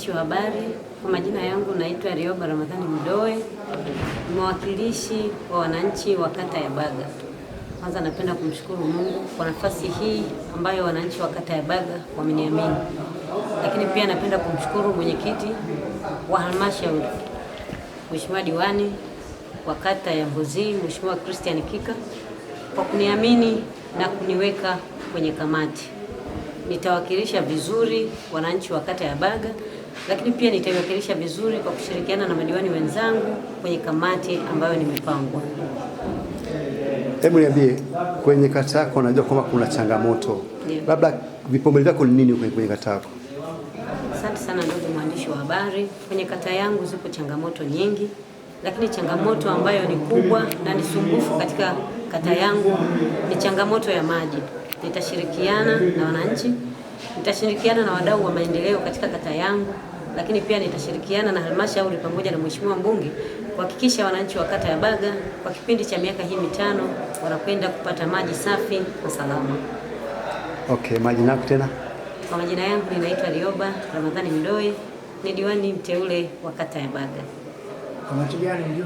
waandishi wa habari, kwa majina yangu naitwa Rioba Ramadhani Mdoe, mwakilishi wa wananchi wa kata ya Baga. Kwanza napenda kumshukuru Mungu kwa nafasi hii ambayo wananchi wa kata ya Baga wameniamini, lakini pia napenda kumshukuru mwenyekiti wa halmashauri, Mheshimiwa diwani wa kata ya Mbuzii, Mheshimiwa Christian Kika kwa kuniamini na kuniweka kwenye kamati. Nitawakilisha vizuri wananchi wa kata ya Baga lakini pia nitaiwakilisha vizuri kwa kushirikiana na madiwani wenzangu kwenye kamati ambayo nimepangwa. Hebu niambie, kwenye kata yako najua kwamba kuna changamoto yeah. Labda vipaumbele vyako ni nini kwenye kata yako? Asante sana ndugu mwandishi wa habari, kwenye kata yangu zipo changamoto nyingi, lakini changamoto ambayo ni kubwa na ni sumbufu katika kata yangu ni changamoto ya maji. Nitashirikiana na wananchi Nitashirikiana na wadau wa maendeleo katika kata yangu, lakini pia nitashirikiana na halmashauri pamoja na mheshimiwa mbunge kuhakikisha wananchi wa kata ya Baga kwa kipindi cha miaka hii mitano wanakwenda kupata maji safi na salama. Okay, majina yako tena? Kwa majina yangu ninaitwa Rioba Ramadhani Midoe, ni diwani mteule wa kata ya Baga.